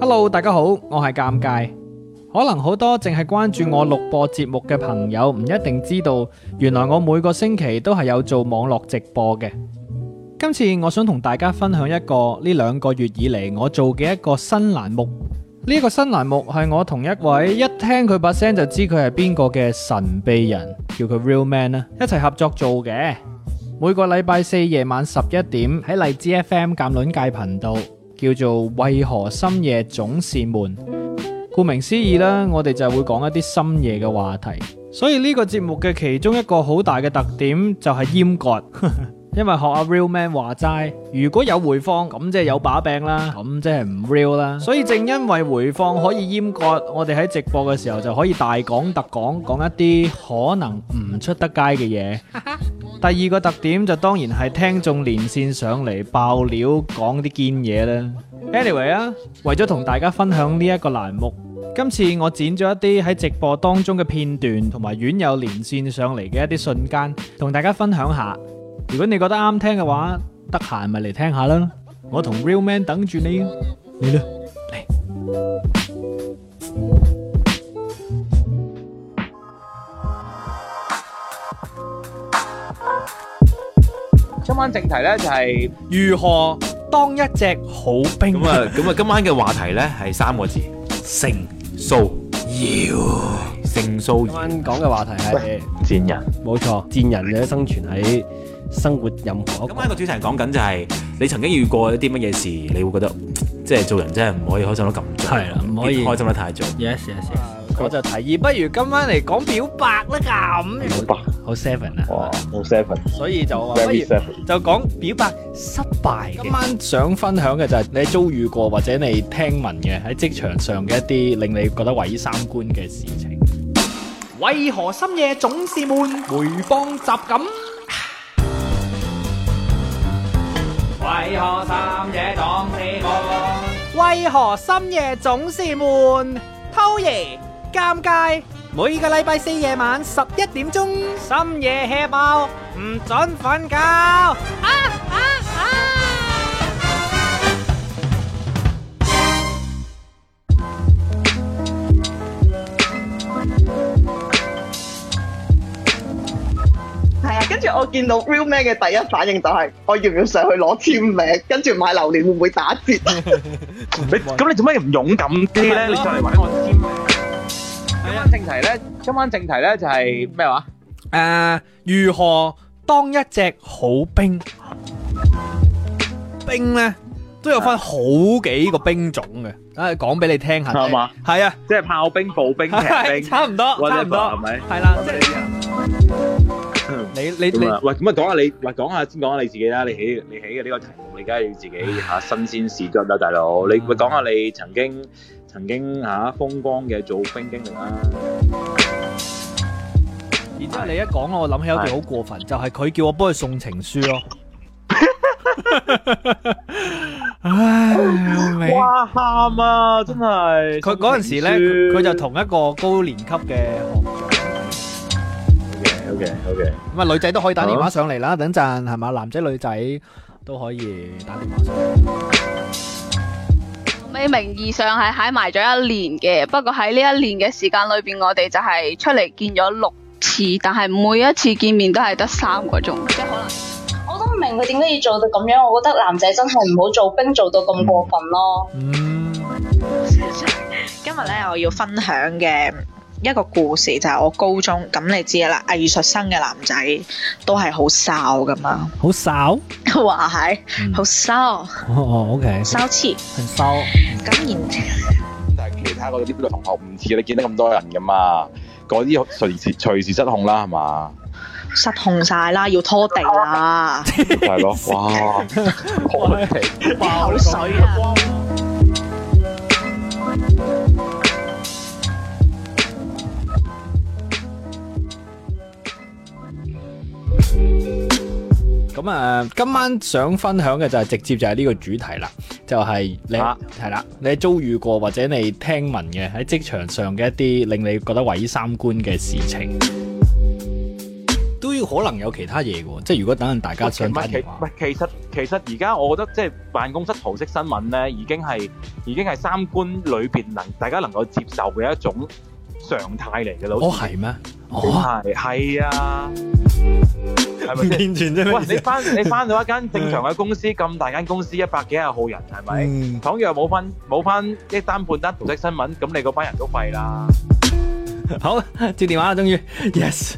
Hello，大家好，我係尷尬，可能好多淨係關注我錄播節目嘅朋友唔一定知道，原來我每個星期都係有做網絡直播嘅。今次我想同大家分享一個呢兩個月以嚟我做嘅一個新欄目，呢個新欄目係我同一位一聽佢把聲就知佢係邊個嘅神秘人，叫佢 real man 啦一齊合作做嘅。每個禮拜四夜晚十一點喺荔枝 FM 尷尬界頻道。叫做為何深夜總是悶，顧名思義啦，我哋就會講一啲深夜嘅話題。所以呢個節目嘅其中一個好大嘅特點就係閹割， 因為學阿 Real Man 話齋，如果有回放，咁即係有把柄啦，咁即係唔 real 啦。所以正因為回放可以閹割，我哋喺直播嘅時候就可以大講特講，講一啲可能唔出得街嘅嘢。第二個特點就當然係聽眾連線上嚟爆料講啲堅嘢啦。Anyway 啊，為咗同大家分享呢一個欄目，今次我剪咗一啲喺直播當中嘅片段，同埋網友連線上嚟嘅一啲瞬間，同大家分享下。如果你覺得啱聽嘅話，得閒咪嚟聽下啦。我同 Real Man 等住你，你咧嚟。今晚正題咧，就係如何當一隻好兵。啊，咁啊，今晚嘅話題咧係三個字：成 素要。成數。今晚講嘅話題係賤人。冇錯，賤人嘅生存喺生活任何一個。咁呢個主持人講緊就係、是，你曾經遇過一啲乜嘢事，你會覺得即係、就是、做人真係唔可以開心得咁，係啦，唔可以開心得太早。Yes, yes yes。我就提議，不如今晚嚟講表白啦咁。嗯好 seven 啊！哇，好 seven，所以就話就講表白失敗。今晚想分享嘅就係你遭遇過或者你聽聞嘅喺職場上嘅一啲令你覺得毀三觀嘅事情為。為何深夜總是悶？回放集錦。為何三夜擋四光？為何深夜總是悶？偷耶，尷尬。每個禮拜四夜晚十一點鐘，深夜 Hea 爆，唔准瞓覺。係啊，跟住我見到 Real Man 嘅第一反應就係，我要唔要上去攞簽名？跟住買榴蓮會唔會打折？你咁你做咩唔勇敢啲咧？你上嚟搵我簽名。嚟咧，傾翻正題咧，就係咩話？誒，如何當一隻好兵？兵咧都有分好幾個兵種嘅，誒，講俾你聽下。係嘛？係啊，即係炮兵、步兵、騎兵，差唔多，差唔多，係咪？係啦，即係你啊！你你你，喂，咁啊，講下你，喂，講下先，講下你自己啦。你起，你起嘅呢個題目，你梗係要自己吓新鮮事咗啦，大佬。你喂，講下你曾經。曾經吓風光嘅做兵經歷啦，然之後你一講我諗起有件好過分，就係佢叫我幫佢送情書咯。唉，哇喊啊，真係！佢嗰陣時咧，佢就同一個高年級嘅學長，OK OK OK。咁啊，女仔都可以打電話上嚟啦，等陣係嘛？男仔女仔都可以打電話上嚟。名義上係喺埋咗一年嘅，不過喺呢一年嘅時間裏邊，我哋就係出嚟見咗六次，但係每一次見面都係得三個鐘。即係可能，我都唔明佢點解要做到咁樣，我覺得男仔真係唔好做兵做到咁過分咯。 今日咧，我要分享嘅。一個故事就係我高中，咁你知啦，藝術生嘅男仔都係好騷噶嘛，好騷，話係，好騷，哦，OK，騷氣，很騷，咁然。但係其他嗰啲女同學唔似你見得咁多人噶嘛，嗰啲好隨時隨時失控啦係嘛，失控晒啦，要拖地啦，係咯，哇，好水啊！咁啊，今晚想分享嘅就係直接就係呢個主題啦，就係、是、你係啦、啊，你遭遇過或者你聽聞嘅喺職場上嘅一啲令你覺得毀三觀嘅事情，都要可能有其他嘢嘅，即係如果等陣大家想分其實其實而家我覺得即係辦公室桃色新聞咧，已經係已經係三觀裏邊能大家能夠接受嘅一種常態嚟嘅咯。哦係咩？哦係係啊。係咪先？喂，你翻你翻到一間正常嘅公司，咁大間公司一百幾廿號人，係咪？倘若冇翻冇翻一單半單毒色新聞，咁你嗰班人都廢啦。好，接電話啦，終於。Yes。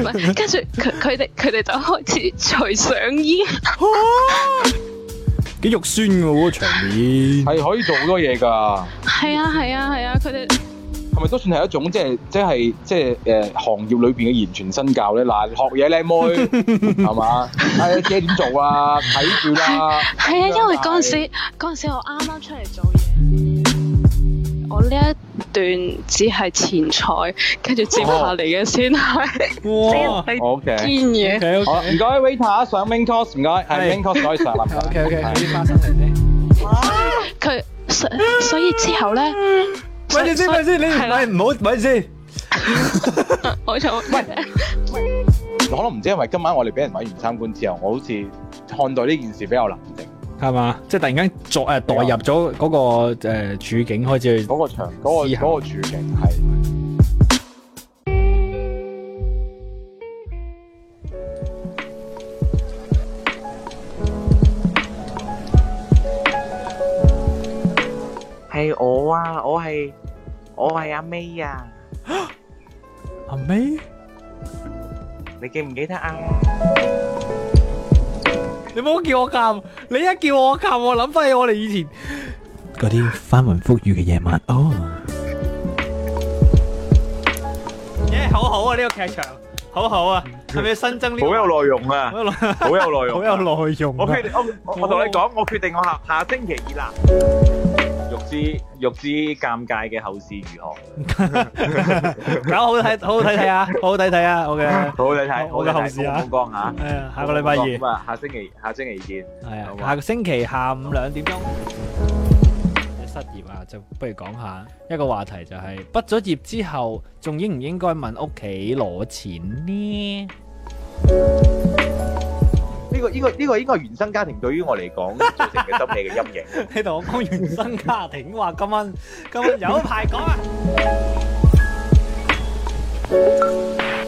唔係，跟住佢佢哋佢哋就開始除上衣。幾肉酸噶嗰個場面。係可以做好多嘢噶。係啊係啊係啊，佢哋。係咪都算係一種即係即係即係誒行業裏邊嘅言傳身教咧？嗱，學嘢靚妹係嘛？啊，自己點做啊？睇住啦！係啊，因為嗰陣時嗰陣時我啱啱出嚟做嘢，我呢一段只係前菜，跟住接下嚟嘅先係哇，OK 堅嘢。好唔該，Waiter 上 Main Course，唔該，係 Main Course，唔該曬啦。OK OK，呢三個人先。佢所所以之後咧。咪住先，咪住先，你唔係唔好，咪住先。冇錯，喂，可能唔知因為今晚我哋俾人搵完參觀之後，我好似看待呢件事比較冷靜，係嘛？即係突然間作誒代入咗嗰個誒處境，開始嗰個場，嗰個嗰個處境係。係我啊，我係。我係阿 May 啊！阿 May，你記唔記得阿？你唔好叫我琴，你一叫我琴，我諗翻起我哋以前嗰啲翻雲覆雨嘅夜晚。哦，耶！好好啊，呢個劇場，好好啊，係咪新增呢個？好有內容啊！好有內容，好有內容。我決定，我同你講，我決定，我下下星期二啦。欲知尷尬嘅後事如何？咁 好睇， 好好睇睇啊，好好睇睇啊，我嘅好好睇睇，我嘅後事啊，講下，下個禮拜二，下星期下星期見，係啊，下個星期下午兩點鐘。 失業啊，就不如講下一個話題，就是，就係畢咗業之後，仲應唔應該問屋企攞錢呢？呢個呢個呢個應該係原生家庭對於我嚟講， 造成嘅心理嘅陰影。你同我講原生家庭，話今晚 今晚有排講啊！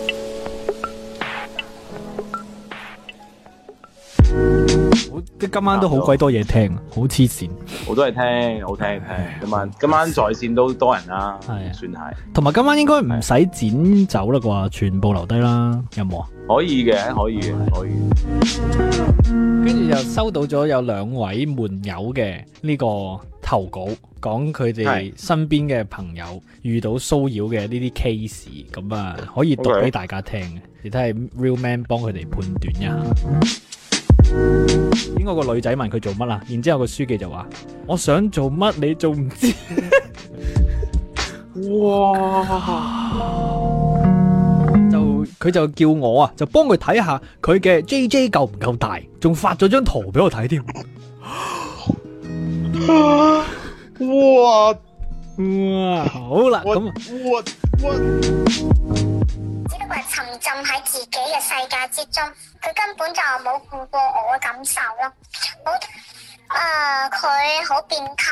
即今晚都好鬼多嘢聽，好黐線，好多嘢聽，好聽。今晚今晚在線都多人啦，算係。同埋今晚應該唔使剪走啦啩，全部留低啦。有冇？可以嘅，可以，可以。跟住就收到咗有兩位門友嘅呢個投稿，講佢哋身邊嘅朋友遇到騷擾嘅呢啲 case，咁啊可以讀俾大家聽，亦都係、okay. 睇 Real Man 幫佢哋判斷一下。應該個女仔問佢做乜啦，然之後個書記就話：我想做乜你做唔知 哇他他他夠不夠。哇！就佢就叫我啊，就幫佢睇下佢嘅 J J 夠唔夠大，仲發咗張圖俾我睇添。哇哇！好啦，咁我我。只不過係沉浸喺自己嘅世界之中，佢根本就冇顧過我嘅感受咯。好，誒，佢好變態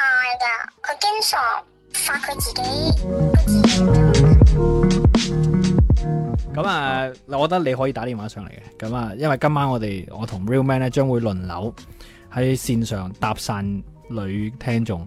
噶，佢經常發佢自己。咁啊，嗱，我覺得你可以打電話上嚟嘅。咁啊，因為今晚我哋我同 Real Man 咧將會輪流喺線上搭訕女聽眾。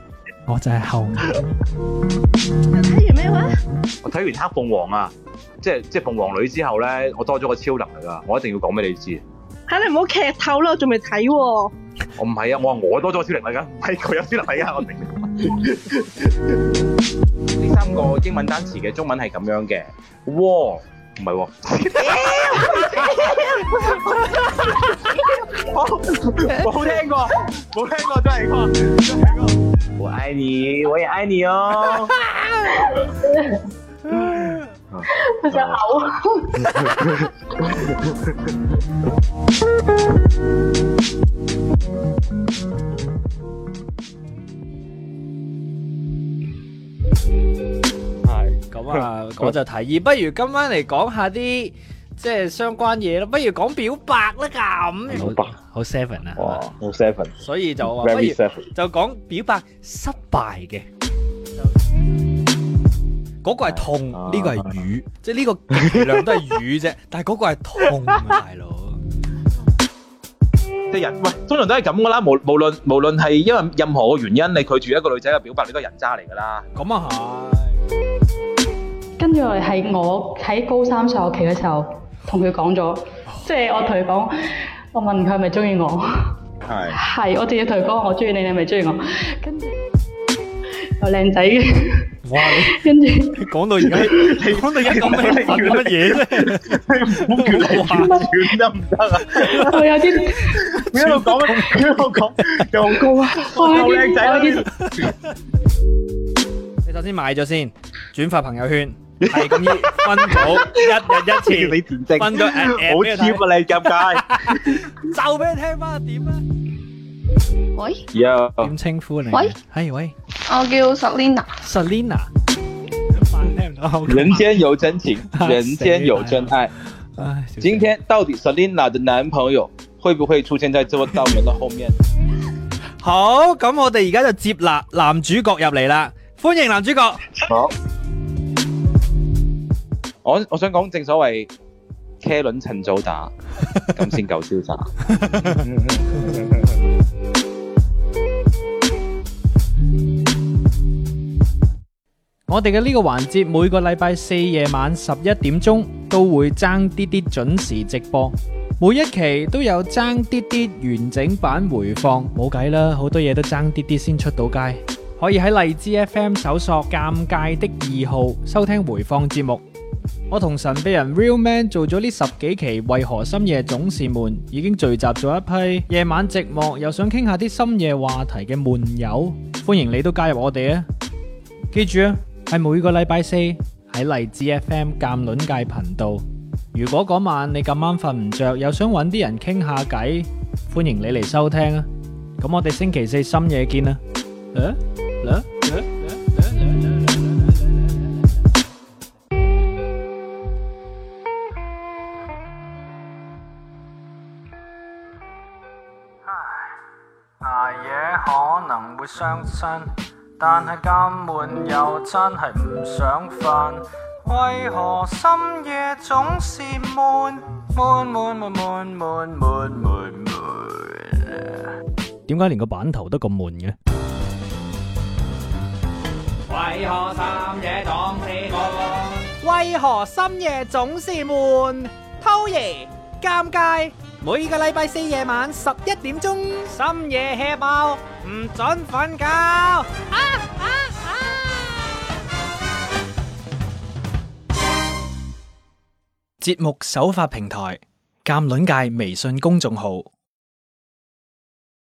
我就係后。睇 完咩話？我睇完黑鳳凰啊，即係即係鳳凰女之後咧，我多咗個、啊 哦啊、個超能力啊。我一定要講俾你知。吓，你唔好劇透啦，我仲未睇。我唔係啊，我話我多咗個超能力噶，唔係佢有超能力啊，我明唔明？呢三個英文單詞嘅中文係咁樣嘅。哇，唔係喎。好，我好聽過，冇聽過都係誇，係我愛你，我也愛你哦。大家好 係想嘔， 咁、 哎、啊，我就提議，不如今晚嚟講下啲。即係相關嘢咯，不如講表白啦，咁表白好 seven 啊，好 seven，所以就不如就講表白失敗嘅，嗰個係痛，呢個係雨，即係呢個量都係雨啫，但係嗰個係痛。大佬，即係人，喂，通常都係咁噶啦，無無論無論係因為任何嘅原因，你拒絕一個女仔嘅表白，你都係人渣嚟噶啦。咁啊係。跟住係我喺高三上學期嘅時候。同佢講咗，即係我同佢講，我問佢係咪中意我，係，係，我直接同佢講我中意你，你係咪中意我？跟住又靚仔嘅，哇！跟住講到而家，講到而家咁興奮，乜嘢咧？咁我話：少啲得唔得啊？我有啲，你一路講，一路講，又高啊，夠靚仔嗰啲。你首先買咗先，轉發朋友圈。係咁樣分組，一日一次 你填證，分咗好超啊你咁計，就俾你聽翻點啊？喂，又點稱呼你、啊？喂，係喂，我叫 Selina，Selina。人間有真情，人間有真愛 唉。今天到底 Selina 的男朋友會不會出現在這座大門的後面？ 好，咁我哋而家就接納男主角入嚟啦，歡迎男主角。好。我我想講，正所謂車輪趁早打咁先夠瀟灑。這 我哋嘅呢個環節每個禮拜四夜晚十一點鐘都會爭啲啲準時直播，每一期都有爭啲啲完整版回放沒了。冇計啦，好多嘢都爭啲啲先出到街。可以喺荔枝 F.M. 搜索《尷尬的二號》收聽回放節目。我同神秘人 RealMan 做咗呢十幾期，為何深夜總是悶？已經聚集咗一批夜晚寂寞又想傾下啲深夜話題嘅悶友，歡迎你都加入我哋啊！記住啊，係每個禮拜四喺荔枝 FM 鑑論界頻道。如果嗰晚你咁啱瞓唔着，又想揾啲人傾下偈，歡迎你嚟收聽啊！咁我哋星期四深夜見啊！誒、啊。可能會傷身，但係咁悶又真係唔想瞓，為何深夜總是悶悶悶悶悶悶悶悶？點解連個版頭都咁悶嘅？為何深夜總是悶？偷爺尷尬。每個禮拜四夜晚十一點鐘，深夜 hea 爆，唔准瞓覺。節目首發平台：鑑卵界微信公眾號。